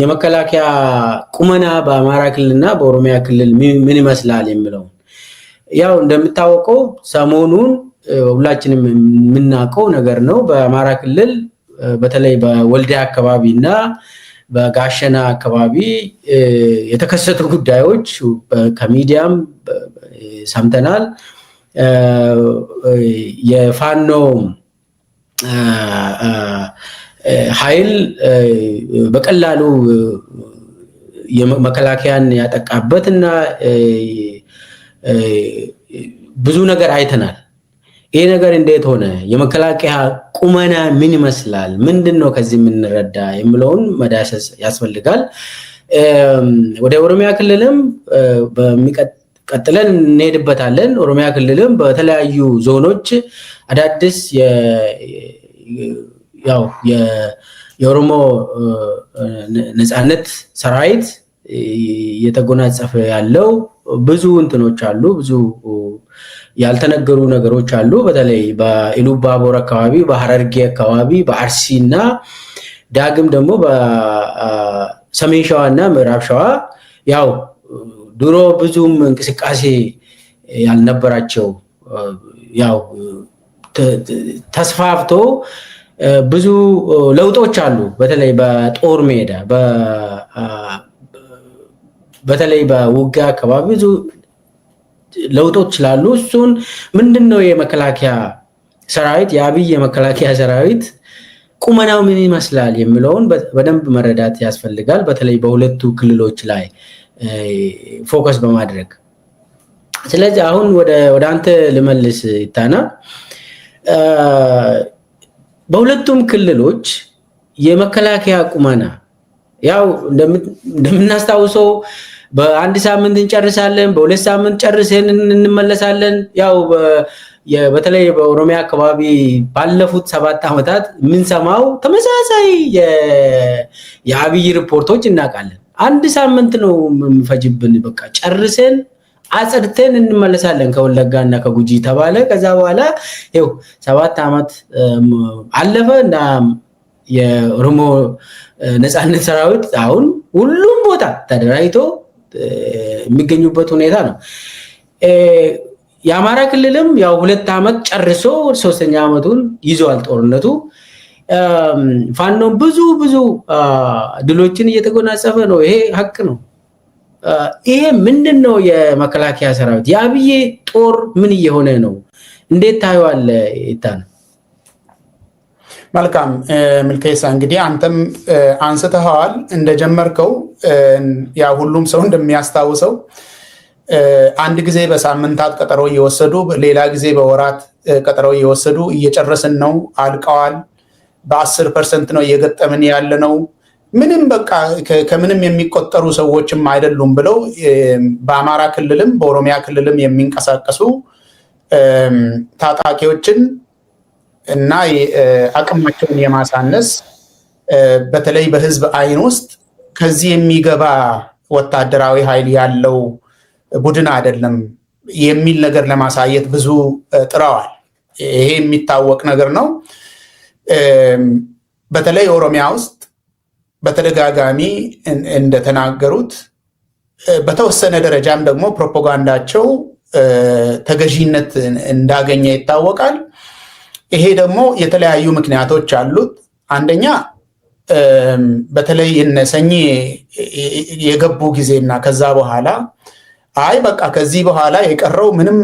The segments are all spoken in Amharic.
የመከላከያ ቁመና በአማራ ክልልና በኦሮሚያ ክልል ምን ይመስላል የሚለውን ያው እንደምታወቀው ሰሞኑን ሁላችንም የምናውቀው ነገር ነው። በአማራ ክልል በተለይ በወልዲያ አካባቢ እና በጋሸና አካባቢ የተከሰቱ ጉዳዮች ከሚዲያም ሰምተናል። የፋኖ ኃይል በቀላሉ መከላከያን ያጠቃበት እና ብዙ ነገር አይተናል። ይሄ ነገር እንዴት ሆነ? የመከላከያ ቁመና ምን ይመስላል? ምንድን ነው ከዚህ የምንረዳ የሚለውን መዳሰስ ያስፈልጋል። ወደ ኦሮሚያ ክልልም ቀጥለን እንሄድበታለን። ኦሮሚያ ክልልም በተለያዩ ዞኖች አዳዲስ ያው የኦሮሞ ነፃነት ሰራዊት የተጎናጸፈ ያለው ብዙ እንትኖች አሉ። ብዙ ያልተነገሩ ነገሮች አሉ። በተለይ በኢሉባቦር አካባቢ፣ በሀረርጌ አካባቢ፣ በአርሲ እና ዳግም ደግሞ በሰሜን ሸዋ እና ምዕራብ ሸዋ ያው ድሮ ብዙም እንቅስቃሴ ያልነበራቸው ያው ተስፋፍቶ ብዙ ለውጦች አሉ። በተለይ በጦር ሜዳ በተለይ በውጊያ አካባቢ ብዙ ለውጦች ስላሉ እሱን ምንድን ነው የመከላከያ ሰራዊት የአብይ የመከላከያ ሰራዊት ቁመናው ምን ይመስላል የሚለውን በደንብ መረዳት ያስፈልጋል። በተለይ በሁለቱ ክልሎች ላይ ፎከስ በማድረግ ስለዚህ አሁን ወደ አንተ ልመልስ ይታና በሁለቱም ክልሎች የመከላከያ ቁመና ያው እንደምናስታውሰው በአንድ ሳምንት እንጨርሳለን፣ በሁለት ሳምንት ጨርሰን እንመለሳለን። ያው በተለይ በኦሮሚያ አካባቢ ባለፉት ሰባት ዓመታት የምንሰማው ተመሳሳይ የአብይ ሪፖርቶች እናውቃለን። አንድ ሳምንት ነው የምንፈጅብን፣ በቃ ጨርሰን አጽድተን እንመለሳለን ከወለጋ እና ከጉጂ ተባለ። ከዛ በኋላ ይኸው ሰባት ዓመት አለፈ እና የኦሮሞ ነፃነት ሰራዊት አሁን ሁሉም ቦታ ተደራጅቶ የሚገኙበት ሁኔታ ነው። የአማራ ክልልም ያው ሁለት ዓመት ጨርሶ ሶስተኛ ዓመቱን ይዘዋል ጦርነቱ። ፋኖም ብዙ ብዙ ድሎችን እየተጎናጸፈ ነው። ይሄ ሀቅ ነው። ይሄ ምንድን ነው? የመከላከያ ሰራዊት የአብዬ ጦር ምን እየሆነ ነው? እንዴት ታየዋለ? ይታነ መልካም ምልከይሳ፣ እንግዲህ አንተም አንስተኸዋል እንደጀመርከው ያ ሁሉም ሰው እንደሚያስታውሰው አንድ ጊዜ በሳምንታት ቀጠሮ እየወሰዱ ሌላ ጊዜ በወራት ቀጠሮ እየወሰዱ እየጨረስን ነው፣ አልቀዋል፣ በአስር ፐርሰንት ነው እየገጠምን ያለ ነው ምንም በቃ ከምንም የሚቆጠሩ ሰዎችም አይደሉም ብለው በአማራ ክልልም በኦሮሚያ ክልልም የሚንቀሳቀሱ ታጣቂዎችን እና አቅማቸውን የማሳነስ በተለይ በህዝብ አይን ውስጥ ከዚህ የሚገባ ወታደራዊ ኃይል ያለው ቡድን አይደለም የሚል ነገር ለማሳየት ብዙ ጥረዋል። ይሄ የሚታወቅ ነገር ነው። በተለይ ኦሮሚያ ውስጥ በተደጋጋሚ እንደተናገሩት በተወሰነ ደረጃም ደግሞ ፕሮፓጋንዳቸው ተገዥነት እንዳገኘ ይታወቃል። ይሄ ደግሞ የተለያዩ ምክንያቶች አሉት። አንደኛ በተለይ እነሰኝ የገቡ ጊዜና ከዛ በኋላ አይ በቃ ከዚህ በኋላ የቀረው ምንም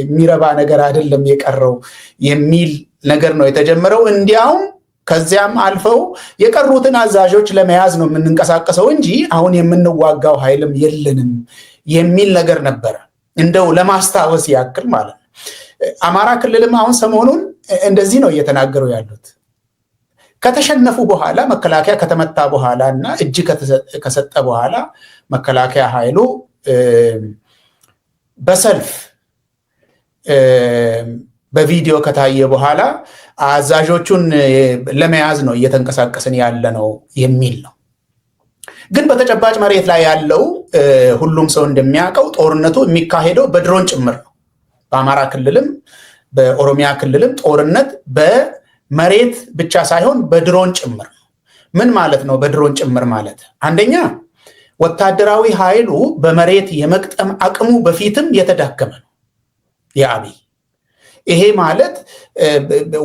የሚረባ ነገር አይደለም የቀረው የሚል ነገር ነው የተጀመረው። እንዲያውም ከዚያም አልፈው የቀሩትን አዛዦች ለመያዝ ነው የምንንቀሳቀሰው እንጂ አሁን የምንዋጋው ኃይልም የለንም የሚል ነገር ነበረ። እንደው ለማስታወስ ያክል ማለት ነው። አማራ ክልልም አሁን ሰሞኑን እንደዚህ ነው እየተናገሩ ያሉት። ከተሸነፉ በኋላ መከላከያ ከተመታ በኋላ እና እጅ ከሰጠ በኋላ መከላከያ ኃይሉ በሰልፍ በቪዲዮ ከታየ በኋላ አዛዦቹን ለመያዝ ነው እየተንቀሳቀስን ያለ ነው የሚል ነው። ግን በተጨባጭ መሬት ላይ ያለው ሁሉም ሰው እንደሚያውቀው ጦርነቱ የሚካሄደው በድሮን ጭምር ነው። በአማራ ክልልም በኦሮሚያ ክልልም ጦርነት በመሬት ብቻ ሳይሆን በድሮን ጭምር ነው። ምን ማለት ነው? በድሮን ጭምር ማለት አንደኛ ወታደራዊ ኃይሉ በመሬት የመቅጠም አቅሙ በፊትም የተዳከመ ነው የአብይ ይሄ ማለት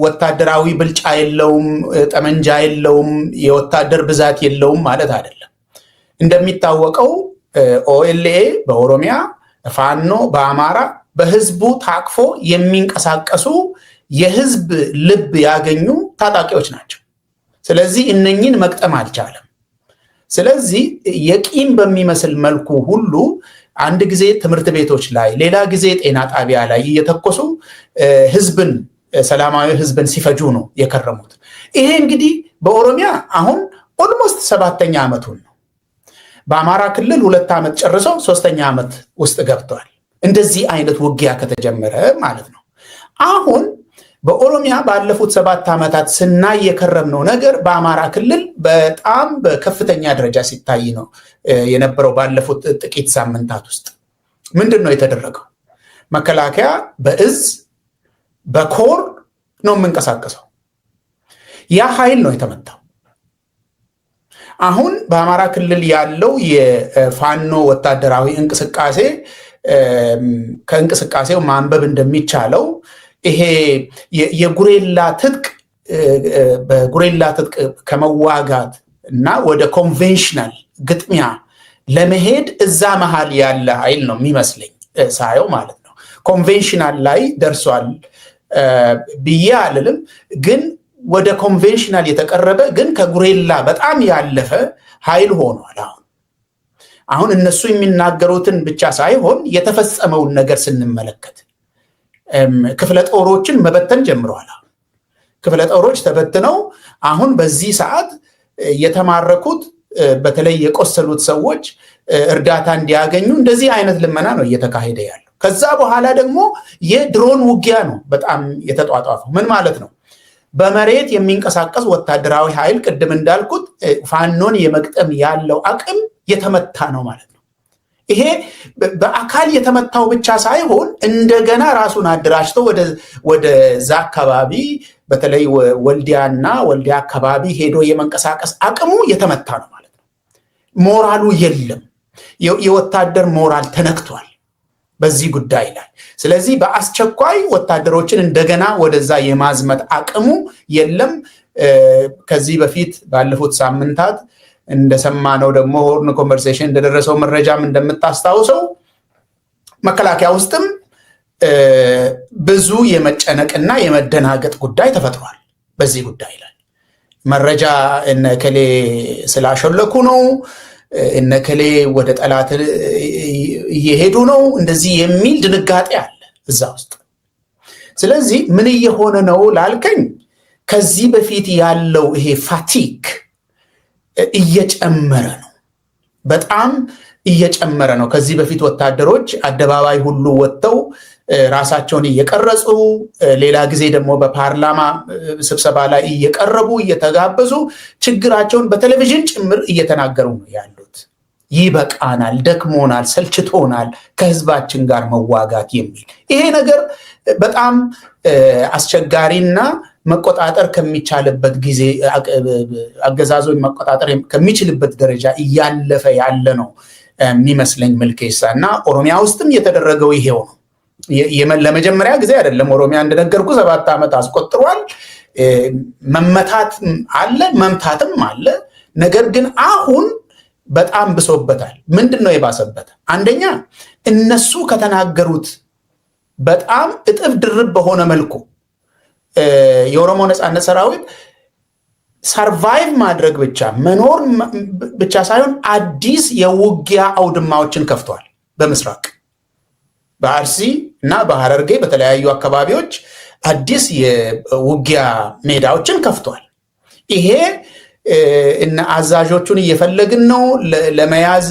ወታደራዊ ብልጫ የለውም፣ ጠመንጃ የለውም፣ የወታደር ብዛት የለውም ማለት አይደለም። እንደሚታወቀው ኦኤልኤ በኦሮሚያ ፋኖ በአማራ በህዝቡ ታቅፎ የሚንቀሳቀሱ የህዝብ ልብ ያገኙ ታጣቂዎች ናቸው። ስለዚህ እነኝን መቅጠም አልቻለም። ስለዚህ የቂም በሚመስል መልኩ ሁሉ አንድ ጊዜ ትምህርት ቤቶች ላይ፣ ሌላ ጊዜ ጤና ጣቢያ ላይ እየተኮሱ ህዝብን ሰላማዊ ህዝብን ሲፈጁ ነው የከረሙት። ይሄ እንግዲህ በኦሮሚያ አሁን ኦልሞስት ሰባተኛ ዓመቱን ነው። በአማራ ክልል ሁለት ዓመት ጨርሰው ሶስተኛ ዓመት ውስጥ ገብተዋል። እንደዚህ አይነት ውጊያ ከተጀመረ ማለት ነው አሁን በኦሮሚያ ባለፉት ሰባት ዓመታት ስናይ የከረምነው ነገር በአማራ ክልል በጣም በከፍተኛ ደረጃ ሲታይ ነው የነበረው። ባለፉት ጥቂት ሳምንታት ውስጥ ምንድን ነው የተደረገው? መከላከያ በእዝ በኮር ነው የምንቀሳቀሰው። ያ ኃይል ነው የተመታው። አሁን በአማራ ክልል ያለው የፋኖ ወታደራዊ እንቅስቃሴ ከእንቅስቃሴው ማንበብ እንደሚቻለው ይሄ የጉሬላ ትጥቅ በጉሬላ ትጥቅ ከመዋጋት እና ወደ ኮንቬንሽናል ግጥሚያ ለመሄድ እዛ መሀል ያለ ኃይል ነው የሚመስለኝ ሳየው ማለት ነው። ኮንቬንሽናል ላይ ደርሷል ብዬ አልልም፣ ግን ወደ ኮንቬንሽናል የተቀረበ ግን ከጉሬላ በጣም ያለፈ ኃይል ሆኗል። አሁን አሁን እነሱ የሚናገሩትን ብቻ ሳይሆን የተፈጸመውን ነገር ስንመለከት ክፍለ ጦሮችን መበተን ጀምረዋል። ክፍለ ጦሮች ተበትነው አሁን በዚህ ሰዓት የተማረኩት በተለይ የቆሰሉት ሰዎች እርዳታ እንዲያገኙ እንደዚህ አይነት ልመና ነው እየተካሄደ ያለው። ከዛ በኋላ ደግሞ የድሮን ውጊያ ነው በጣም የተጧጧፈው። ምን ማለት ነው? በመሬት የሚንቀሳቀስ ወታደራዊ ኃይል ቅድም እንዳልኩት ፋኖን የመቅጠም ያለው አቅም የተመታ ነው ማለት ነው። ይሄ በአካል የተመታው ብቻ ሳይሆን እንደገና ራሱን አደራጅተው ወደዛ አካባቢ በተለይ ወልዲያና ወልዲያ አካባቢ ሄዶ የመንቀሳቀስ አቅሙ የተመታ ነው ማለት ነው። ሞራሉ የለም። የወታደር ሞራል ተነክቷል በዚህ ጉዳይ ላይ። ስለዚህ በአስቸኳይ ወታደሮችን እንደገና ወደዛ የማዝመት አቅሙ የለም። ከዚህ በፊት ባለፉት ሳምንታት እንደሰማነው ደግሞ ሆርን ኮንቨርሴሽን እንደደረሰው መረጃም እንደምታስታውሰው መከላከያ ውስጥም ብዙ የመጨነቅና የመደናገጥ ጉዳይ ተፈጥሯል። በዚህ ጉዳይ ላይ መረጃ እነ ከሌ ስላሸለኩ ነው፣ እነ ከሌ ወደ ጠላት እየሄዱ ነው፣ እንደዚህ የሚል ድንጋጤ አለ እዛ ውስጥ። ስለዚህ ምን እየሆነ ነው ላልከኝ ከዚህ በፊት ያለው ይሄ ፋቲክ እየጨመረ ነው። በጣም እየጨመረ ነው። ከዚህ በፊት ወታደሮች አደባባይ ሁሉ ወጥተው ራሳቸውን እየቀረጹ ሌላ ጊዜ ደግሞ በፓርላማ ስብሰባ ላይ እየቀረቡ እየተጋበዙ ችግራቸውን በቴሌቪዥን ጭምር እየተናገሩ ነው ያሉት። ይበቃናል፣ ደክሞናል፣ ሰልችቶናል ከህዝባችን ጋር መዋጋት የሚል ይሄ ነገር በጣም አስቸጋሪና መቆጣጠር ከሚቻልበት ጊዜ አገዛዞ መቆጣጠር ከሚችልበት ደረጃ እያለፈ ያለ ነው የሚመስለኝ ምልኬሳ እና ኦሮሚያ ውስጥም የተደረገው ይሄው ነው። ለመጀመሪያ ጊዜ አይደለም። ኦሮሚያ እንደነገርኩ ሰባት ዓመት አስቆጥሯል። መመታት አለ፣ መምታትም አለ። ነገር ግን አሁን በጣም ብሶበታል። ምንድን ነው የባሰበት? አንደኛ እነሱ ከተናገሩት በጣም እጥፍ ድርብ በሆነ መልኩ የኦሮሞ ነፃነት ሰራዊት ሰርቫይቭ ማድረግ ብቻ መኖር ብቻ ሳይሆን አዲስ የውጊያ አውድማዎችን ከፍቷል። በምስራቅ በአርሲ እና በሐረርጌ በተለያዩ አካባቢዎች አዲስ የውጊያ ሜዳዎችን ከፍቷል። ይሄ እነ አዛዦቹን እየፈለግን ነው ለመያዝ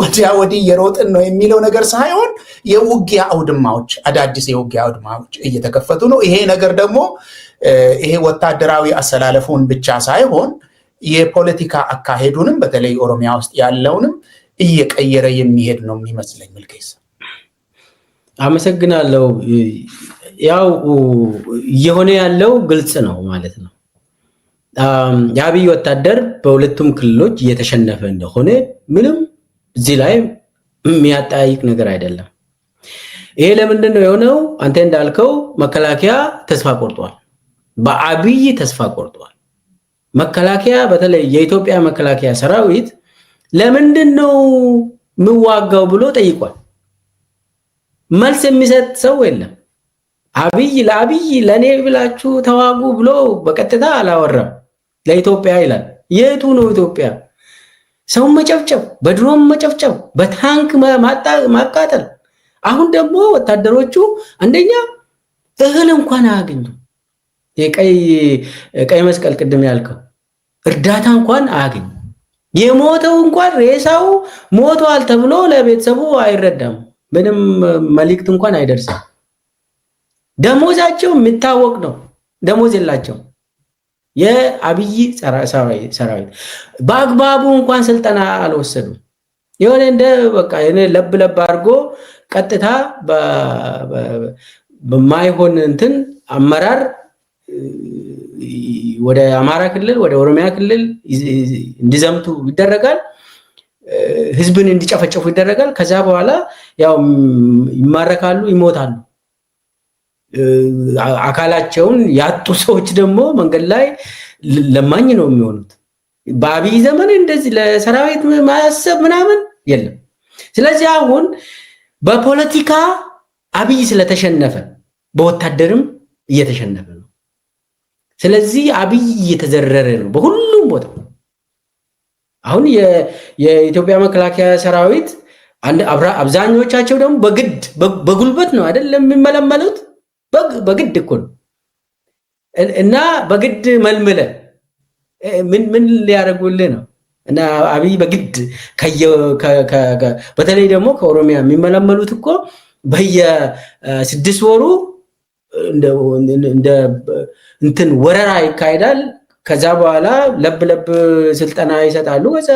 ወዲያ ወዲህ እየሮጥን ነው የሚለው ነገር ሳይሆን የውጊያ አውድማዎች አዳዲስ የውጊያ አውድማዎች እየተከፈቱ ነው። ይሄ ነገር ደግሞ ይሄ ወታደራዊ አሰላለፉን ብቻ ሳይሆን የፖለቲካ አካሄዱንም በተለይ ኦሮሚያ ውስጥ ያለውንም እየቀየረ የሚሄድ ነው የሚመስለኝ። ምልኬሳ አመሰግናለሁ። ያው እየሆነ ያለው ግልጽ ነው ማለት ነው። የአብይ ወታደር በሁለቱም ክልሎች እየተሸነፈ እንደሆነ ምንም እዚህ ላይ የሚያጠያይቅ ነገር አይደለም። ይሄ ለምንድን ነው የሆነው? አንተ እንዳልከው መከላከያ ተስፋ ቆርጧል፣ በአብይ ተስፋ ቆርጧል። መከላከያ በተለይ የኢትዮጵያ መከላከያ ሰራዊት ለምንድን ነው የምዋጋው ብሎ ጠይቋል። መልስ የሚሰጥ ሰው የለም። አብይ ለአብይ ለእኔ ብላችሁ ተዋጉ ብሎ በቀጥታ አላወራም። ለኢትዮጵያ ይላል። የቱ ነው ኢትዮጵያ? ሰውን መጨፍጨፍ፣ በድሮም መጨፍጨፍ፣ በታንክ ማቃጠል አሁን ደግሞ ወታደሮቹ አንደኛ እህል እንኳን አያገኙ የቀይ መስቀል ቅድም ያልከው እርዳታ እንኳን አያገኙ የሞተው እንኳን ሬሳው ሞቷል ተብሎ ለቤተሰቡ አይረዳም። ምንም መልእክት እንኳን አይደርስም። ደሞዛቸው የሚታወቅ ነው። ደሞዝ የላቸው የአብይ ሰራዊት በአግባቡ እንኳን ስልጠና አልወሰዱም። የሆነ እንደ በቃ ለብ ለብ አድርጎ ቀጥታ በማይሆን እንትን አመራር ወደ አማራ ክልል ወደ ኦሮሚያ ክልል እንዲዘምቱ ይደረጋል። ህዝብን እንዲጨፈጨፉ ይደረጋል። ከዛ በኋላ ያው ይማረካሉ፣ ይሞታሉ። አካላቸውን ያጡ ሰዎች ደግሞ መንገድ ላይ ለማኝ ነው የሚሆኑት። በአብይ ዘመን እንደዚህ ለሰራዊት ማሰብ ምናምን የለም። ስለዚህ አሁን በፖለቲካ አብይ ስለተሸነፈ በወታደርም እየተሸነፈ ነው። ስለዚህ አብይ እየተዘረረ ነው በሁሉም ቦታ። አሁን የኢትዮጵያ መከላከያ ሰራዊት አብዛኞቻቸው ደግሞ በግድ በጉልበት ነው አይደለም የሚመለመሉት፣ በግድ እኮ ነው እና በግድ መልምለ ምን ምን ሊያደርጉልህ ነው? እና አብይ በግድ በተለይ ደግሞ ከኦሮሚያ የሚመለመሉት እኮ በየስድስት ወሩ እንትን ወረራ ይካሄዳል። ከዛ በኋላ ለብ ለብ ስልጠና ይሰጣሉ፣ ከዛ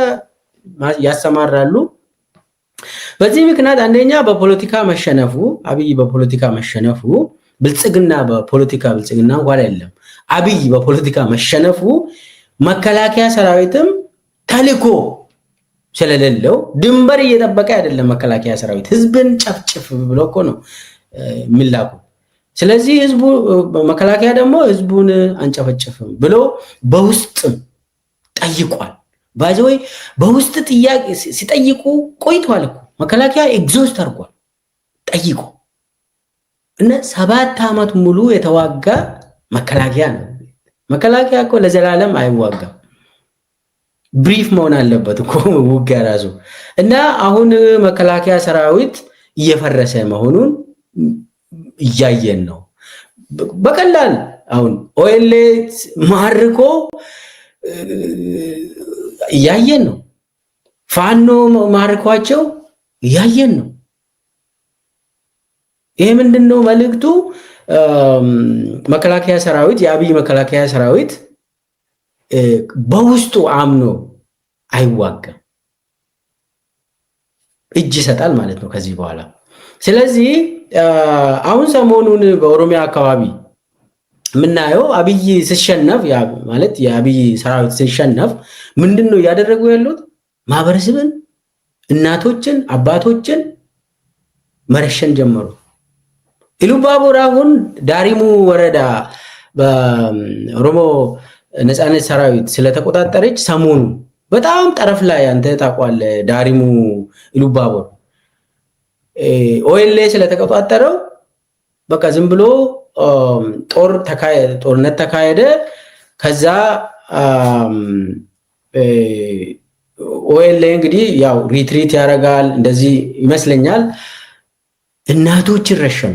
ያሰማራሉ። በዚህ ምክንያት አንደኛ በፖለቲካ መሸነፉ አብይ በፖለቲካ መሸነፉ ብልጽግና በፖለቲካ ብልጽግና እንኳን የለም አብይ በፖለቲካ መሸነፉ መከላከያ ሰራዊትም ተልኮ ስለሌለው ድንበር እየጠበቀ አይደለም። መከላከያ ሰራዊት ህዝብን ጨፍጭፍ ብሎ እኮ ነው የሚላኩ። ስለዚህ ህዝቡ መከላከያ ደግሞ ህዝቡን አንጨፈጭፍም ብሎ በውስጥም ጠይቋል። ባይዘወይ በውስጥ ጥያቄ ሲጠይቁ ቆይቷል እኮ መከላከያ ኤግዞስት አድርጓል ጠይቁ እና ሰባት ዓመት ሙሉ የተዋጋ መከላከያ ነው። መከላከያ እኮ ለዘላለም አይዋጋም። ብሪፍ መሆን አለበት እኮ ውጊያ ራሱ እና አሁን መከላከያ ሰራዊት እየፈረሰ መሆኑን እያየን ነው። በቀላል አሁን ኦኤልኤት ማርኮ እያየን ነው። ፋኖ ማርኳቸው እያየን ነው። ይሄ ምንድን ነው መልእክቱ? መከላከያ ሰራዊት የአብይ መከላከያ ሰራዊት በውስጡ አምኖ አይዋጋም፣ እጅ ይሰጣል ማለት ነው ከዚህ በኋላ። ስለዚህ አሁን ሰሞኑን በኦሮሚያ አካባቢ የምናየው አብይ ስሸነፍ ማለት የአብይ ሰራዊት ስሸነፍ ምንድን ነው እያደረጉ ያሉት? ማህበረሰብን፣ እናቶችን፣ አባቶችን መረሸን ጀመሩ። ኢሉባቡር አሁን ዳሪሙ ወረዳ በኦሮሞ ነፃነት ሰራዊት ስለተቆጣጠረች ሰሞኑ በጣም ጠረፍ ላይ አንተ ታውቀዋለህ። ዳሪሙ ኢሉባቡር ኦኤልኤ ስለተቆጣጠረው በቃ ዝም ብሎ ጦርነት ተካሄደ። ከዛ ኦኤልኤ እንግዲህ ያው ሪትሪት ያደርጋል እንደዚህ ይመስለኛል። እናቶች ይረሸሙ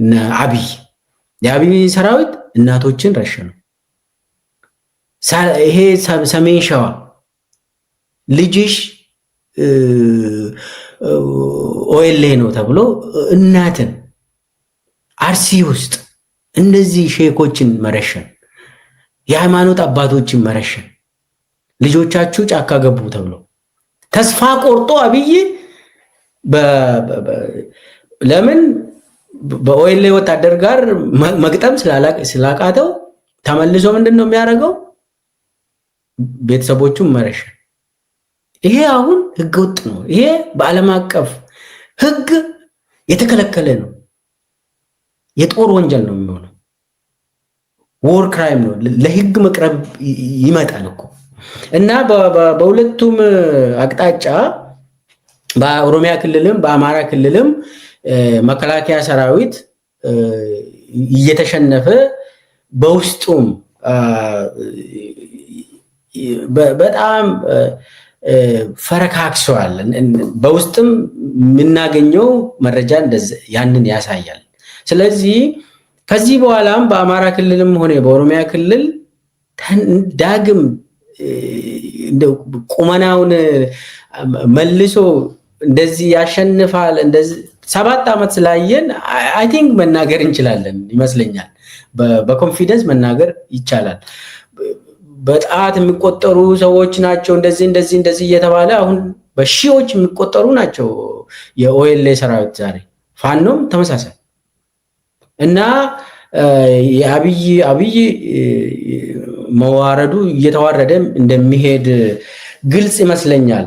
እነ አብይ የአብይ ሰራዊት እናቶችን ረሸኑ። ይሄ ሰሜን ሸዋ ልጅሽ ኦኤልኤ ነው ተብሎ እናትን አርሲ ውስጥ እንደዚህ ሼኮችን መረሸን፣ የሃይማኖት አባቶችን መረሸን፣ ልጆቻችሁ ጫካ ገቡ ተብሎ ተስፋ ቆርጦ አብይ ለምን በኦኤልኤ ወታደር ጋር መግጠም ስላቃተው ተመልሶ ምንድን ነው የሚያደርገው? ቤተሰቦቹን መረሸ። ይሄ አሁን ህገ ወጥ ነው። ይሄ በዓለም አቀፍ ህግ የተከለከለ ነው። የጦር ወንጀል ነው የሚሆነው። ዎር ክራይም ነው። ለህግ መቅረብ ይመጣል እኮ እና በሁለቱም አቅጣጫ በኦሮሚያ ክልልም በአማራ ክልልም መከላከያ ሰራዊት እየተሸነፈ በውስጡም በጣም ፈረካክሰዋል። በውስጥም የምናገኘው መረጃ ያንን ያሳያል። ስለዚህ ከዚህ በኋላም በአማራ ክልልም ሆነ በኦሮሚያ ክልል ዳግም ቁመናውን መልሶ እንደዚህ ያሸንፋል እንደዚህ ሰባት ዓመት ስላየን አይ ቲንክ መናገር እንችላለን ይመስለኛል። በኮንፊደንስ መናገር ይቻላል። በጣት የሚቆጠሩ ሰዎች ናቸው እንደዚህ እንደዚህ እንደዚህ እየተባለ አሁን በሺዎች የሚቆጠሩ ናቸው የኦኤልኤ ሰራዊት ዛሬ ፋኖም ተመሳሳይ እና የአብይ አብይ መዋረዱ እየተዋረደ እንደሚሄድ ግልጽ ይመስለኛል።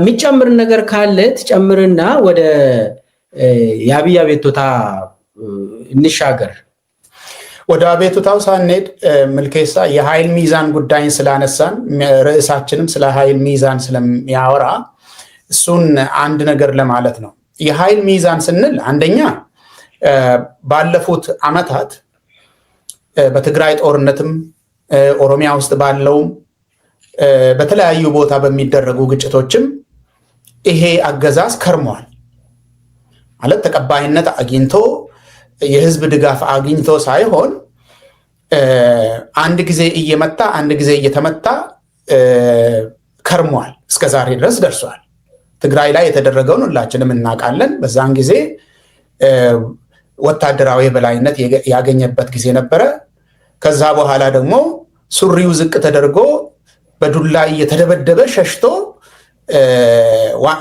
የሚጨምር ነገር ካለ ትጨምርና ወደ የአብይ አቤቱታ እንሻገር። ወደ አቤቱታው ሳንሄድ ምልኬሳ የኃይል ሚዛን ጉዳይን ስላነሳን ርዕሳችንም ስለ ኃይል ሚዛን ስለሚያወራ እሱን አንድ ነገር ለማለት ነው። የኃይል ሚዛን ስንል አንደኛ ባለፉት ዓመታት በትግራይ ጦርነትም ኦሮሚያ ውስጥ ባለውም በተለያዩ ቦታ በሚደረጉ ግጭቶችም ይሄ አገዛዝ ከርመዋል። ማለት ተቀባይነት አግኝቶ የህዝብ ድጋፍ አግኝቶ ሳይሆን አንድ ጊዜ እየመታ አንድ ጊዜ እየተመታ ከርሟል። እስከ ዛሬ ድረስ ደርሷል። ትግራይ ላይ የተደረገውን ሁላችንም እናውቃለን። በዛን ጊዜ ወታደራዊ የበላይነት ያገኘበት ጊዜ ነበረ። ከዛ በኋላ ደግሞ ሱሪው ዝቅ ተደርጎ በዱላ እየተደበደበ ሸሽቶ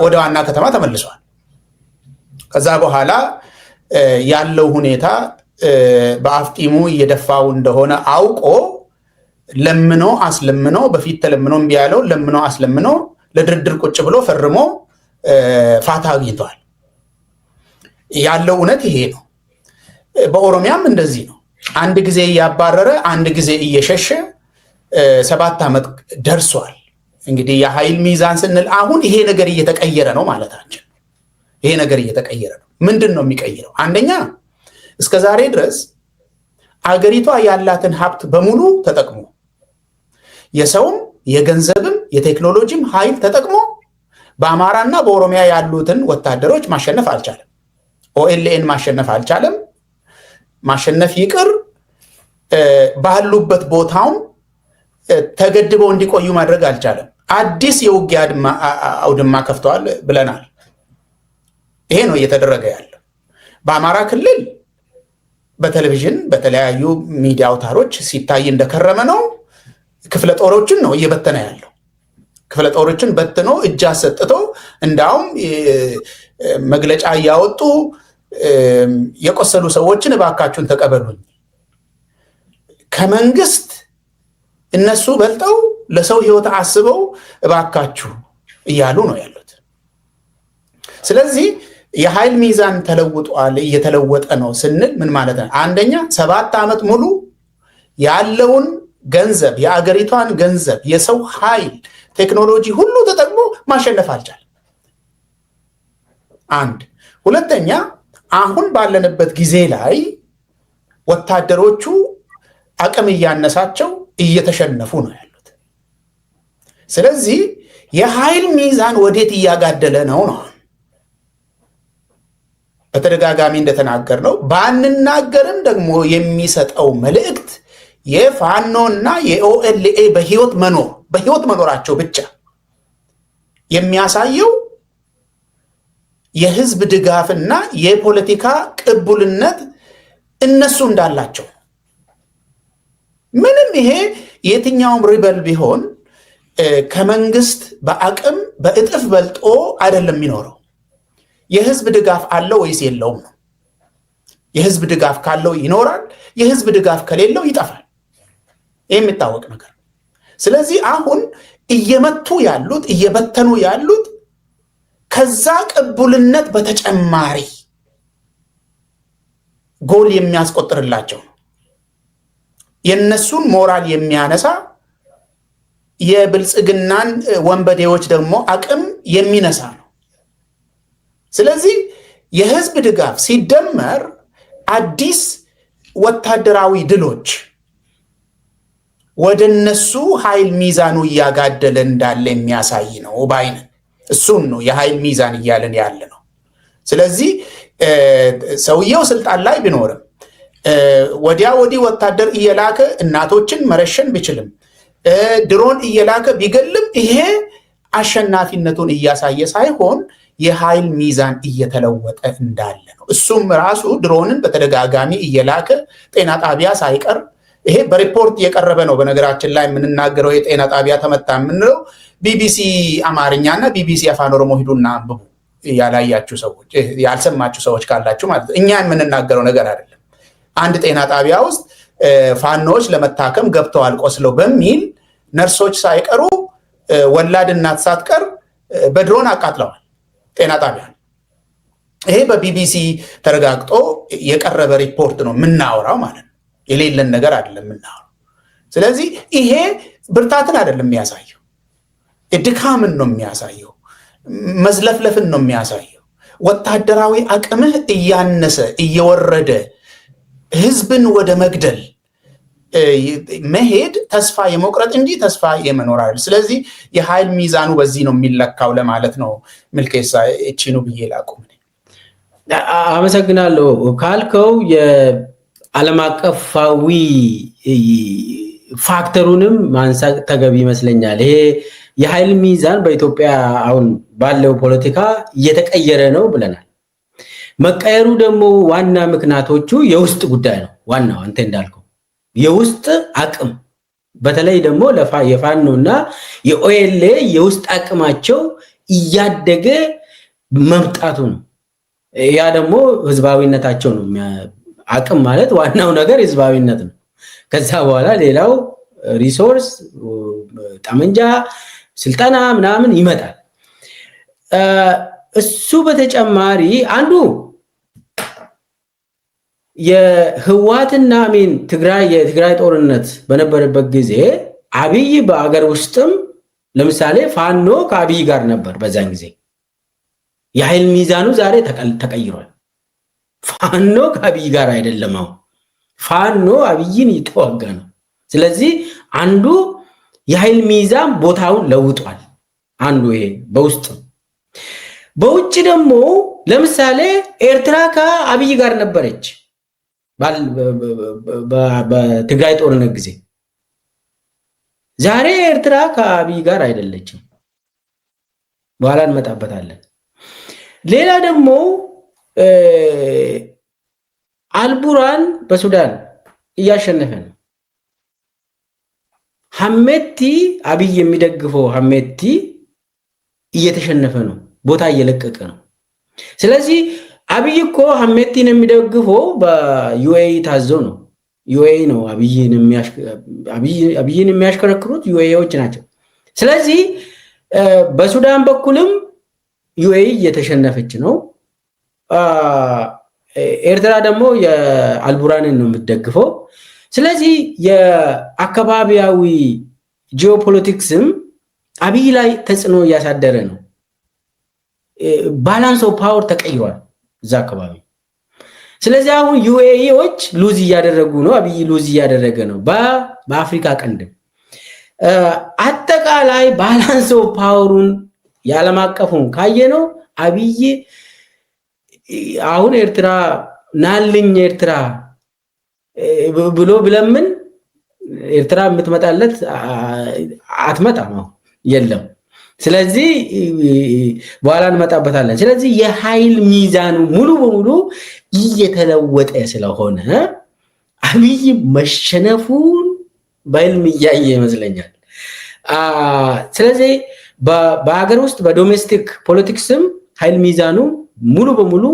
ወደ ዋና ከተማ ተመልሷል። ከዛ በኋላ ያለው ሁኔታ በአፍጢሙ እየደፋው እንደሆነ አውቆ ለምኖ አስለምኖ በፊት ተለምኖ እምቢ ያለው ለምኖ አስለምኖ ለድርድር ቁጭ ብሎ ፈርሞ ፋታ አግኝተዋል። ያለው እውነት ይሄ ነው። በኦሮሚያም እንደዚህ ነው። አንድ ጊዜ እያባረረ አንድ ጊዜ እየሸሸ ሰባት ዓመት ደርሷል። እንግዲህ የኃይል ሚዛን ስንል አሁን ይሄ ነገር እየተቀየረ ነው ማለታችን ይሄ ነገር እየተቀየረ ነው። ምንድን ነው የሚቀይረው? አንደኛ እስከ ዛሬ ድረስ አገሪቷ ያላትን ሀብት በሙሉ ተጠቅሞ የሰውም የገንዘብም የቴክኖሎጂም ኃይል ተጠቅሞ በአማራና በኦሮሚያ ያሉትን ወታደሮች ማሸነፍ አልቻለም። ኦኤልኤን ማሸነፍ አልቻለም። ማሸነፍ ይቅር ባሉበት ቦታውም ተገድበው እንዲቆዩ ማድረግ አልቻለም። አዲስ የውጊያ አውድማ ከፍተዋል ብለናል። ይሄ ነው እየተደረገ ያለው። በአማራ ክልል በቴሌቪዥን በተለያዩ ሚዲያ አውታሮች ሲታይ እንደከረመ ነው። ክፍለ ጦሮችን ነው እየበተነ ያለው። ክፍለ ጦሮችን በትኖ እጅ አሰጥቶ እንዳውም መግለጫ እያወጡ የቆሰሉ ሰዎችን እባካችሁን ተቀበሉኝ ከመንግስት እነሱ በልጠው ለሰው ህይወት አስበው እባካችሁ እያሉ ነው ያሉት። ስለዚህ የኃይል ሚዛን ተለውጧል፣ እየተለወጠ ነው ስንል ምን ማለት ነው? አንደኛ ሰባት ዓመት ሙሉ ያለውን ገንዘብ የአገሪቷን ገንዘብ የሰው ኃይል ቴክኖሎጂ ሁሉ ተጠቅሞ ማሸነፍ አልቻል። አንድ ሁለተኛ፣ አሁን ባለንበት ጊዜ ላይ ወታደሮቹ አቅም እያነሳቸው እየተሸነፉ ነው ያሉት። ስለዚህ የኃይል ሚዛን ወዴት እያጋደለ ነው ነው በተደጋጋሚ እንደተናገር ነው ባንናገርም ደግሞ የሚሰጠው መልእክት የፋኖና የኦኤልኤ በህይወት መኖር በህይወት መኖራቸው ብቻ የሚያሳየው የህዝብ ድጋፍና የፖለቲካ ቅቡልነት እነሱ እንዳላቸው ምንም ይሄ የትኛውም ሪበል ቢሆን ከመንግስት በአቅም በእጥፍ በልጦ አይደለም የሚኖረው። የህዝብ ድጋፍ አለው ወይስ የለውም ነው። የህዝብ ድጋፍ ካለው ይኖራል፣ የህዝብ ድጋፍ ከሌለው ይጠፋል። ይህ የሚታወቅ ነገር። ስለዚህ አሁን እየመቱ ያሉት እየበተኑ ያሉት ከዛ ቅቡልነት በተጨማሪ ጎል የሚያስቆጥርላቸው ነው። የእነሱን ሞራል የሚያነሳ የብልጽግናን ወንበዴዎች ደግሞ አቅም የሚነሳ ነው። ስለዚህ የህዝብ ድጋፍ ሲደመር አዲስ ወታደራዊ ድሎች ወደ እነሱ ኃይል ሚዛኑ እያጋደለ እንዳለ የሚያሳይ ነው ባይነ እሱን ነው የኃይል ሚዛን እያለን ያለ ነው። ስለዚህ ሰውየው ስልጣን ላይ ቢኖርም ወዲያ ወዲህ ወታደር እየላከ እናቶችን መረሸን ቢችልም ድሮን እየላከ ቢገልም ይሄ አሸናፊነቱን እያሳየ ሳይሆን የኃይል ሚዛን እየተለወጠ እንዳለ ነው። እሱም ራሱ ድሮንን በተደጋጋሚ እየላከ ጤና ጣቢያ ሳይቀር ይሄ በሪፖርት የቀረበ ነው። በነገራችን ላይ የምንናገረው የጤና ጣቢያ ተመታ የምንለው ቢቢሲ አማርኛ እና ቢቢሲ አፋን ኦሮሞ ሂዱና አንብቡ፣ ያላያችሁ ሰዎች፣ ያልሰማችሁ ሰዎች ካላችሁ ማለት እኛ የምንናገረው ነገር አይደለም። አንድ ጤና ጣቢያ ውስጥ ፋኖዎች ለመታከም ገብተዋል ቆስለው በሚል ነርሶች ሳይቀሩ ወላድ እናት ሳትቀር በድሮን አቃጥለዋል። ጤና ጣቢያ ይሄ በቢቢሲ ተረጋግጦ የቀረበ ሪፖርት ነው የምናወራው ማለት ነው። የሌለን ነገር አይደለም የምናወራው። ስለዚህ ይሄ ብርታትን አይደለም የሚያሳየው፣ ድካምን ነው የሚያሳየው፣ መዝለፍለፍን ነው የሚያሳየው። ወታደራዊ አቅምህ እያነሰ እየወረደ ህዝብን ወደ መግደል መሄድ ተስፋ የመቁረጥ እንጂ ተስፋ የመኖር አይደል። ስለዚህ የኃይል ሚዛኑ በዚህ ነው የሚለካው ለማለት ነው። ምልኬሳ እቺኑ ብዬ ላቁም። አመሰግናለሁ ካልከው የዓለም አቀፋዊ ፋክተሩንም ማንሳት ተገቢ ይመስለኛል። ይሄ የኃይል ሚዛን በኢትዮጵያ አሁን ባለው ፖለቲካ እየተቀየረ ነው ብለናል። መቀየሩ ደግሞ ዋና ምክንያቶቹ የውስጥ ጉዳይ ነው። ዋናው አንተ እንዳልከው የውስጥ አቅም በተለይ ደግሞ የፋኖ እና የኦኤልኤ የውስጥ አቅማቸው እያደገ መምጣቱ ነው። ያ ደግሞ ህዝባዊነታቸው ነው። አቅም ማለት ዋናው ነገር ህዝባዊነት ነው። ከዛ በኋላ ሌላው ሪሶርስ፣ ጠመንጃ፣ ስልጠና ምናምን ይመጣል። እሱ በተጨማሪ አንዱ የህዋትና ሚን ትግራይ የትግራይ ጦርነት በነበረበት ጊዜ አብይ በአገር ውስጥም ለምሳሌ ፋኖ ከአብይ ጋር ነበር። በዛን ጊዜ የኃይል ሚዛኑ ዛሬ ተቀይሯል። ፋኖ ከአብይ ጋር አይደለም። አሁን ፋኖ አብይን እየተዋጋ ነው። ስለዚህ አንዱ የኃይል ሚዛን ቦታውን ለውጧል። አንዱ ይሄ በውስጥ በውጭ ደግሞ ለምሳሌ ኤርትራ ከአብይ ጋር ነበረች በትግራይ ጦርነት ጊዜ። ዛሬ ኤርትራ ከአብይ ጋር አይደለችም። በኋላ እንመጣበታለን። ሌላ ደግሞ አልቡራን በሱዳን እያሸነፈ ነው። ሀሜቲ አብይ የሚደግፈው ሀሜቲ እየተሸነፈ ነው፣ ቦታ እየለቀቀ ነው። ስለዚህ አብይ እኮ ሀሜቲን የሚደግፈው በዩኤኢ ታዘው ነው። ዩኤኢ ነው አብይን የሚያሽከረክሩት ዩኤዎች ናቸው። ስለዚህ በሱዳን በኩልም ዩኤኢ እየተሸነፈች ነው። ኤርትራ ደግሞ የአልቡራንን ነው የምትደግፈው። ስለዚህ የአካባቢያዊ ጂኦፖለቲክስም አብይ ላይ ተጽዕኖ እያሳደረ ነው። ባላንስ ኦፍ ፓወር ተቀይሯል። እዛ አካባቢ። ስለዚህ አሁን ዩኤኢዎች ሉዝ እያደረጉ ነው። አብይ ሉዝ እያደረገ ነው በአፍሪካ ቀንድ አጠቃላይ ባላንስ ኦፍ ፓወሩን የዓለም አቀፉን ካየ ነው አብይ አሁን ኤርትራ ናልኝ ኤርትራ ብሎ ብለምን ኤርትራ የምትመጣለት አትመጣም። አሁን የለም ስለዚህ በኋላ እንመጣበታለን። ስለዚህ የኃይል ሚዛኑ ሙሉ በሙሉ እየተለወጠ ስለሆነ አብይ መሸነፉን በህልም እያየ ይመስለኛል። ስለዚህ በሀገር ውስጥ በዶሜስቲክ ፖለቲክስም ኃይል ሚዛኑ ሙሉ በሙሉ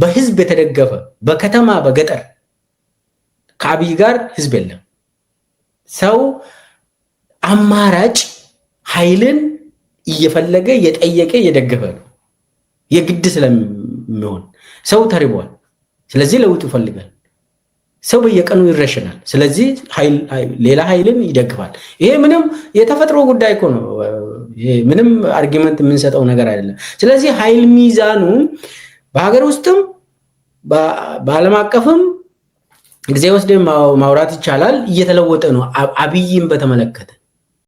በህዝብ የተደገፈ በከተማ በገጠር ከአብይ ጋር ህዝብ የለም። ሰው አማራጭ ኃይልን እየፈለገ የጠየቀ እየደገፈ ነው የግድ ስለሚሆን ሰው ተርቧል። ስለዚህ ለውጥ ይፈልጋል። ሰው በየቀኑ ይረሽናል። ስለዚህ ሌላ ኃይልን ይደግፋል። ይሄ ምንም የተፈጥሮ ጉዳይ እኮ ነው። ምንም አርጊመንት የምንሰጠው ነገር አይደለም። ስለዚህ ኃይል ሚዛኑ በሀገር ውስጥም በዓለም አቀፍም ጊዜ ወስደን ማውራት ይቻላል እየተለወጠ ነው። አብይም በተመለከተ